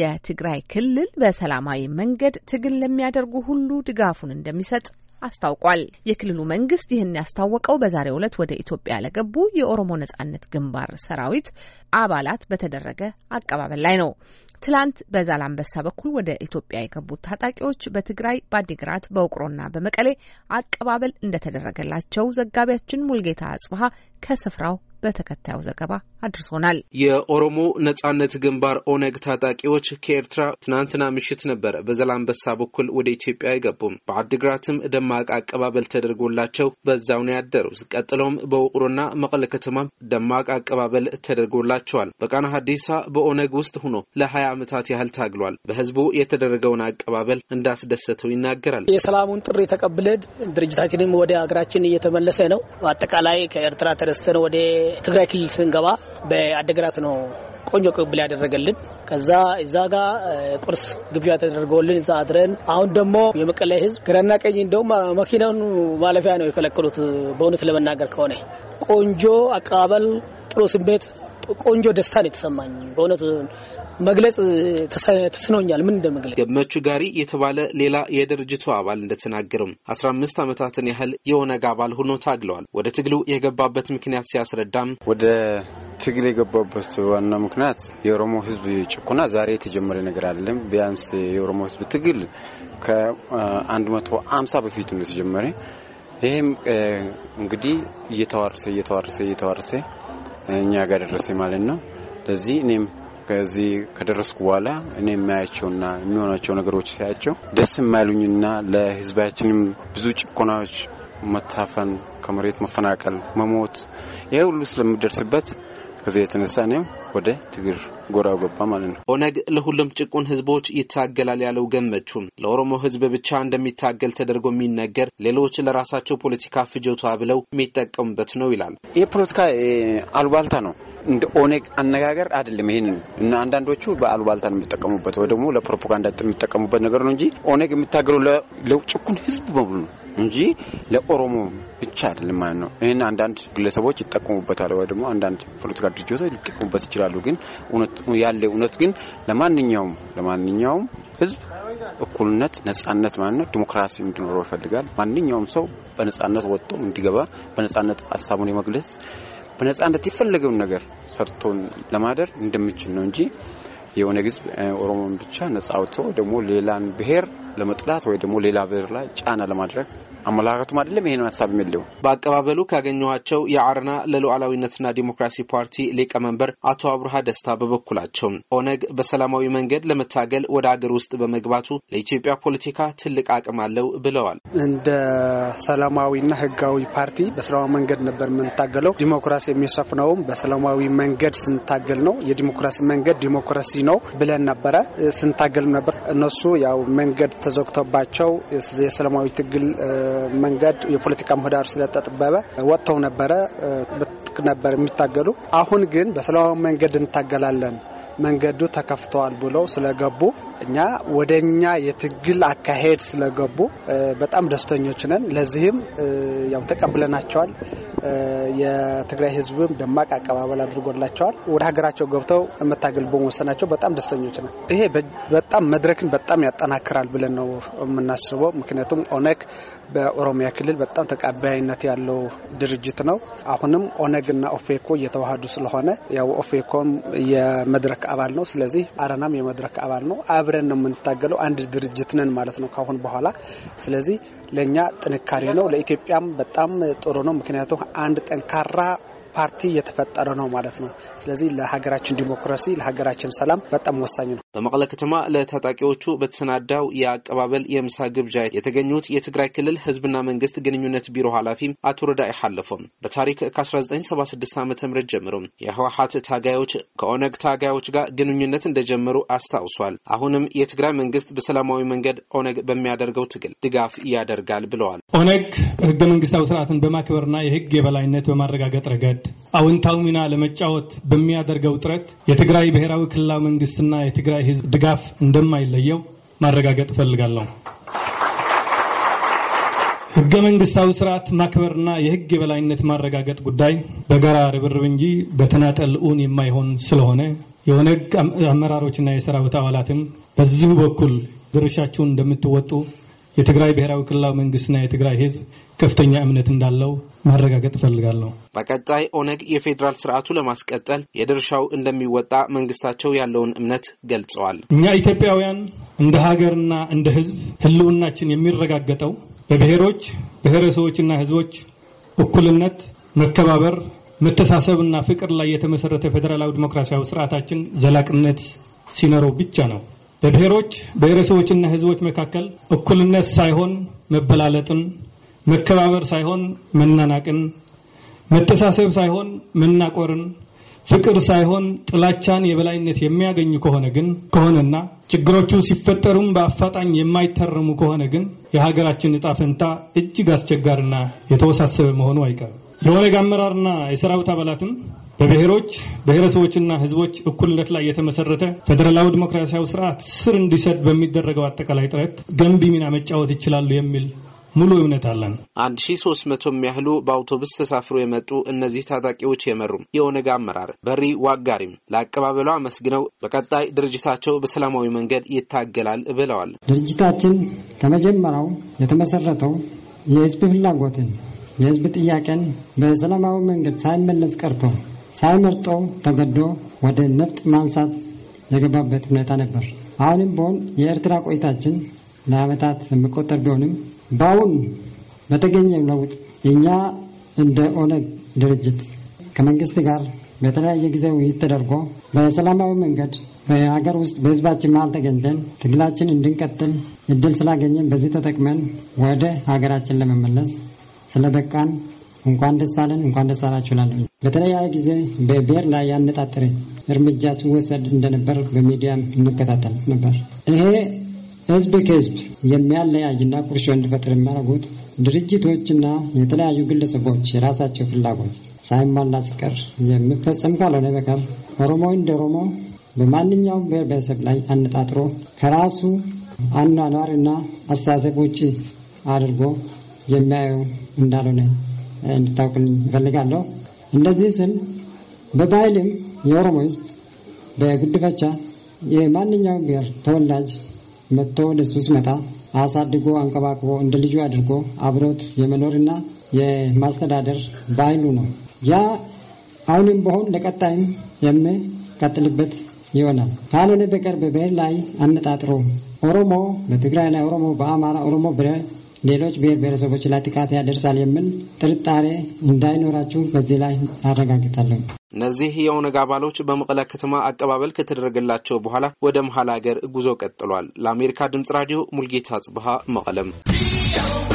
የትግራይ ክልል በሰላማዊ መንገድ ትግል ለሚያደርጉ ሁሉ ድጋፉን እንደሚሰጥ አስታውቋል። የክልሉ መንግስት ይህን ያስታወቀው በዛሬው ዕለት ወደ ኢትዮጵያ ለገቡ የኦሮሞ ነጻነት ግንባር ሰራዊት አባላት በተደረገ አቀባበል ላይ ነው። ትላንት በዛላንበሳ በኩል ወደ ኢትዮጵያ የገቡት ታጣቂዎች በትግራይ በአዲግራት በውቅሮና በመቀሌ አቀባበል እንደተደረገላቸው ዘጋቢያችን ሙልጌታ አጽብሀ ከስፍራው በተከታዩ ዘገባ አድርሶናል። የኦሮሞ ነጻነት ግንባር ኦነግ ታጣቂዎች ከኤርትራ ትናንትና ምሽት ነበር በዘላንበሳ በኩል ወደ ኢትዮጵያ አይገቡም። በአድግራትም ደማቅ አቀባበል ተደርጎላቸው በዛው ነው ያደሩት። ቀጥለውም በውቅሮና መቀለ ከተማም ደማቅ አቀባበል ተደርጎላቸዋል። በቃና ሀዲሳ በኦነግ ውስጥ ሆኖ ለሀያ ዓመታት ያህል ታግሏል። በህዝቡ የተደረገውን አቀባበል እንዳስደሰተው ይናገራል። የሰላሙን ጥሪ ተቀብለን ድርጅታችንም ወደ ሀገራችን እየተመለሰ ነው። አጠቃላይ ከኤርትራ ተነስተን ወደ ትግራይ ክልል ስንገባ በአደግራት ነው ቆንጆ ቅብል ያደረገልን። ከዛ እዛ ጋ ቁርስ ግብዣ ተደርጎልን እዛ አድረን፣ አሁን ደግሞ የመቀለ ህዝብ ግራና ቀኝ እንደውም መኪናውን ማለፊያ ነው የከለከሉት። በእውነት ለመናገር ከሆነ ቆንጆ አቀባበል ጥሩ ስሜት ቆንጆ ደስታ ነው የተሰማኝ በእውነት መግለጽ ተስኖኛል። ምን እንደመግለጽ ገመቹ ጋሪ የተባለ ሌላ የድርጅቱ አባል እንደተናገረም አስራ አምስት ዓመታትን ያህል የኦነግ አባል ሆኖ ታግለዋል። ወደ ትግሉ የገባበት ምክንያት ሲያስረዳም ወደ ትግል የገባበት ዋና ምክንያት የኦሮሞ ሕዝብ ጭቆና ዛሬ የተጀመረ ነገር አለም። ቢያንስ የኦሮሞ ሕዝብ ትግል ከአንድ መቶ አምሳ በፊት ነው የተጀመረ። ይህም እንግዲህ እየተዋርሰ እየተዋርሰ እየተዋርሰ እኛ ጋር ደረሰ ማለት ነው። ለዚህ እኔም ከዚህ ከደረስኩ በኋላ እኔ የማያቸውና የሚሆናቸው ነገሮች ሲያቸው ደስ የማይሉኝና ለህዝባችንም ብዙ ጭቆናዎች፣ መታፈን፣ ከመሬት መፈናቀል፣ መሞት ይሄ ሁሉ ስለምደርስበት ከዚህ የተነሳ እኔም ወደ ትግር ጎራ ገባ ማለት ነው። ኦነግ ለሁሉም ጭቁን ህዝቦች ይታገላል ያለው ገመቹም ለኦሮሞ ህዝብ ብቻ እንደሚታገል ተደርጎ የሚነገር ሌሎች ለራሳቸው ፖለቲካ ፍጆታ ብለው የሚጠቀሙበት ነው ይላል። ይህ ፖለቲካ አሉባልታ ነው። እንደ ኦኔግ አነጋገር አይደለም። ይህንን እና አንዳንዶቹ በአሉባልታን የሚጠቀሙበት ወይ ደግሞ ለፕሮፓጋንዳ የሚጠቀሙበት ነገር ነው እንጂ ኦኔግ የሚታገለው ለጭቁን ህዝብ በሙሉ ነው እንጂ ለኦሮሞ ብቻ አይደለም ማለት ነው። ይህን አንዳንድ ግለሰቦች ይጠቀሙበታል ወይ ደግሞ አንዳንድ ፖለቲካ ድርጅቶች ሊጠቀሙበት ይችላሉ። ግን ያለ እውነት ግን ለማንኛውም ለማንኛውም ህዝብ እኩልነት፣ ነጻነት ማለት ነው ዲሞክራሲ እንዲኖረው ይፈልጋል። ማንኛውም ሰው በነጻነት ወጥቶ እንዲገባ በነጻነት ሀሳቡን የመግለጽ በነጻነት የፈለገውን ነገር ሰርቶን ለማደር እንደምችል ነው እንጂ የኦነግ ህዝብ ኦሮሞን ብቻ ነጻ አውጥቶ ደግሞ ሌላን ብሄር ለመጥላት ወይ ደግሞ ሌላ ብሄር ላይ ጫና ለማድረግ አመለካከቱም አይደለም። ይሄን ሀሳብ የሚለው በአቀባበሉ ካገኘኋቸው የአረና ለሉዓላዊነትና ዲሞክራሲ ፓርቲ ሊቀመንበር አቶ አብርሃ ደስታ በበኩላቸው ኦነግ በሰላማዊ መንገድ ለመታገል ወደ አገር ውስጥ በመግባቱ ለኢትዮጵያ ፖለቲካ ትልቅ አቅም አለው ብለዋል። እንደ ሰላማዊና ህጋዊ ፓርቲ በሰላማዊ መንገድ ነበር የምንታገለው። ዲሞክራሲ የሚሰፍነውም በሰላማዊ መንገድ ስንታገል ነው። የዲሞክራሲ መንገድ ዲሞክራሲ ነው ብለን ነበረ፣ ስንታገልም ነበር። እነሱ ያው መንገድ ተዘግቶባቸው የሰላማዊ ትግል መንገድ የፖለቲካ ምህዳር ስለተጠበበ ወጥተው ነበረ። በትጥቅ ነበር የሚታገሉ። አሁን ግን በሰላማዊ መንገድ እንታገላለን መንገዱ ተከፍተዋል ብለው ስለገቡ እኛ ወደ እኛ የትግል አካሄድ ስለገቡ በጣም ደስተኞች ነን። ለዚህም ያው ተቀብለናቸዋል። የትግራይ ህዝብም ደማቅ አቀባበል አድርጎላቸዋል። ወደ ሀገራቸው ገብተው መታገል በመወሰናቸው በጣም ደስተኞች ነን። ይሄ በጣም መድረክን በጣም ያጠናክራል ብለን ነው የምናስበው። ምክንያቱም ኦነግ በኦሮሚያ ክልል በጣም ተቀባይነት ያለው ድርጅት ነው። አሁንም ኦነግ መድረክና ኦፌኮ እየተዋህዱ ስለሆነ ያው ኦፌኮም የመድረክ አባል ነው። ስለዚህ አረናም የመድረክ አባል ነው። አብረን ነው የምንታገለው። አንድ ድርጅት ነን ማለት ነው ካሁን በኋላ ስለዚህ ለእኛ ጥንካሬ ነው። ለኢትዮጵያም በጣም ጥሩ ነው። ምክንያቱም አንድ ጠንካራ ፓርቲ እየተፈጠረ ነው ማለት ነው። ስለዚህ ለሀገራችን ዲሞክራሲ፣ ለሀገራችን ሰላም በጣም ወሳኝ ነው። በመቀለ ከተማ ለታጣቂዎቹ በተሰናዳው የአቀባበል የምሳ ግብዣ የተገኙት የትግራይ ክልል ህዝብና መንግስት ግንኙነት ቢሮ ኃላፊ አቶ ረዳ ሓለፎም በታሪክ ከ1976 ዓ ም ጀምሮ የህወሀት ታጋዮች ከኦነግ ታጋዮች ጋር ግንኙነት እንደጀመሩ አስታውሷል። አሁንም የትግራይ መንግስት በሰላማዊ መንገድ ኦነግ በሚያደርገው ትግል ድጋፍ ያደርጋል ብለዋል። ኦነግ ህገ መንግስታዊ ስርዓትን በማክበርና የህግ የበላይነት በማረጋገጥ ረገድ አዎንታዊ ሚና ለመጫወት በሚያደርገው ጥረት የትግራይ ብሔራዊ ክልላዊ መንግስትና የትግራይ የትግራይ ህዝብ ድጋፍ እንደማይለየው ማረጋገጥ እፈልጋለሁ። ህገ መንግስታዊ ስርዓት ማክበርና የህግ የበላይነት ማረጋገጥ ጉዳይ በጋራ ርብርብ እንጂ በተናጠል እውን የማይሆን ስለሆነ የኦነግ አመራሮችና የሰራዊት አባላትም በዚሁ በኩል ድርሻችሁን እንደምትወጡ የትግራይ ብሔራዊ ክልላዊ መንግስትና የትግራይ ህዝብ ከፍተኛ እምነት እንዳለው ማረጋገጥ እፈልጋለሁ። በቀጣይ ኦነግ የፌዴራል ስርዓቱ ለማስቀጠል የድርሻው እንደሚወጣ መንግስታቸው ያለውን እምነት ገልጸዋል። እኛ ኢትዮጵያውያን እንደ ሀገርና እንደ ህዝብ ህልውናችን የሚረጋገጠው በብሔሮች ብሔረሰቦችና ህዝቦች እኩልነት፣ መከባበር፣ መተሳሰብና ፍቅር ላይ የተመሰረተ ፌዴራላዊ ዲሞክራሲያዊ ስርዓታችን ዘላቅነት ሲኖረው ብቻ ነው። በብሔሮች ብሔረሰቦችና ህዝቦች መካከል እኩልነት ሳይሆን መበላለጥን፣ መከባበር ሳይሆን መናናቅን፣ መተሳሰብ ሳይሆን መናቆርን፣ ፍቅር ሳይሆን ጥላቻን የበላይነት የሚያገኙ ከሆነ ግን ከሆነና ችግሮቹ ሲፈጠሩም በአፋጣኝ የማይተረሙ ከሆነ ግን የሀገራችን እጣ ፈንታ እጅግ አስቸጋሪና የተወሳሰበ መሆኑ አይቀርም። የኦነግ አመራርና የሰራዊት አባላትም በብሔሮች ብሔረሰቦችና ህዝቦች እኩልነት ላይ የተመሰረተ ፌዴራላዊ ዲሞክራሲያዊ ስርዓት ስር እንዲሰድ በሚደረገው አጠቃላይ ጥረት ገንቢ ሚና መጫወት ይችላሉ የሚል ሙሉ እምነት አለን። አንድ ሺ ሶስት መቶ የሚያህሉ በአውቶቡስ ተሳፍሮ የመጡ እነዚህ ታጣቂዎች የመሩም የኦነግ አመራር በሪ ዋጋሪም ለአቀባበሉ አመስግነው በቀጣይ ድርጅታቸው በሰላማዊ መንገድ ይታገላል ብለዋል። ድርጅታችን ከመጀመሪያው የተመሰረተው የህዝብ ፍላጎትን የህዝብ ጥያቄን በሰላማዊ መንገድ ሳይመለስ ቀርቶ ሳይመርጦ ተገዶ ወደ ነፍጥ ማንሳት የገባበት ሁኔታ ነበር። አሁንም በሆን የኤርትራ ቆይታችን ለአመታት የሚቆጠር ቢሆንም በአሁን በተገኘ ለውጥ እኛ እንደ ኦነግ ድርጅት ከመንግስት ጋር በተለያየ ጊዜ ውይይት ተደርጎ በሰላማዊ መንገድ በሀገር ውስጥ በህዝባችን መሀል ተገኝተን ትግላችን እንድንቀጥል እድል ስላገኘን በዚህ ተጠቅመን ወደ ሀገራችን ለመመለስ ስለ በቃን እንኳን ደስ አለን እንኳን ደስ አላችሁ እላለሁ። በተለያየ ጊዜ በብሔር ላይ ያነጣጠረ እርምጃ ሲወሰድ እንደነበር በሚዲያም እንከታተል ነበር። ይሄ ህዝብ ከህዝብ የሚያለያይና ቁርሾ እንዲፈጥር የሚያደርጉት ድርጅቶችና የተለያዩ ግለሰቦች የራሳቸው ፍላጎት ሳይሟላ ሲቀር የሚፈጸም ካልሆነ በቀር ኦሮሞ እንደ ኦሮሞ በማንኛውም ብሔር ብሔረሰብ ላይ አነጣጥሮ ከራሱ አኗኗርና አስተሳሰብ ውጭ አድርጎ የሚያየው እንዳልሆነ እንድታውቅልኝ እፈልጋለሁ። እንደዚህ ስል በባህልም የኦሮሞ ህዝብ በጉድፈቻ የማንኛውም ብሔር ተወላጅ መጥቶ ወደሱ ሲመጣ አሳድጎ አንቀባቅቦ እንደ ልጁ አድርጎ አብሮት የመኖርና የማስተዳደር ባህሉ ነው። ያ አሁንም በሆን ለቀጣይም የምቀጥልበት ይሆናል። ካልሆነ በቀር በብሔር ላይ አነጣጥሮ ኦሮሞ በትግራይ ላይ ኦሮሞ፣ በአማራ ኦሮሞ ሌሎች ብሔር ብሔረሰቦች ላይ ጥቃት ያደርሳል የሚል ጥርጣሬ እንዳይኖራችሁ በዚህ ላይ አረጋግጣለሁ። እነዚህ የኦነግ አባሎች በመቀለ ከተማ አቀባበል ከተደረገላቸው በኋላ ወደ መሀል ሀገር ጉዞ ቀጥሏል። ለአሜሪካ ድምጽ ራዲዮ ሙልጌታ ጽብሃ መቀለም